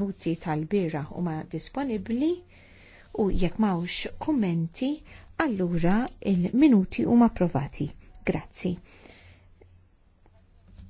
minuti tal-bira huma disponibbli u jekk mawx kummenti, allura il-minuti huma provati. Grazzi.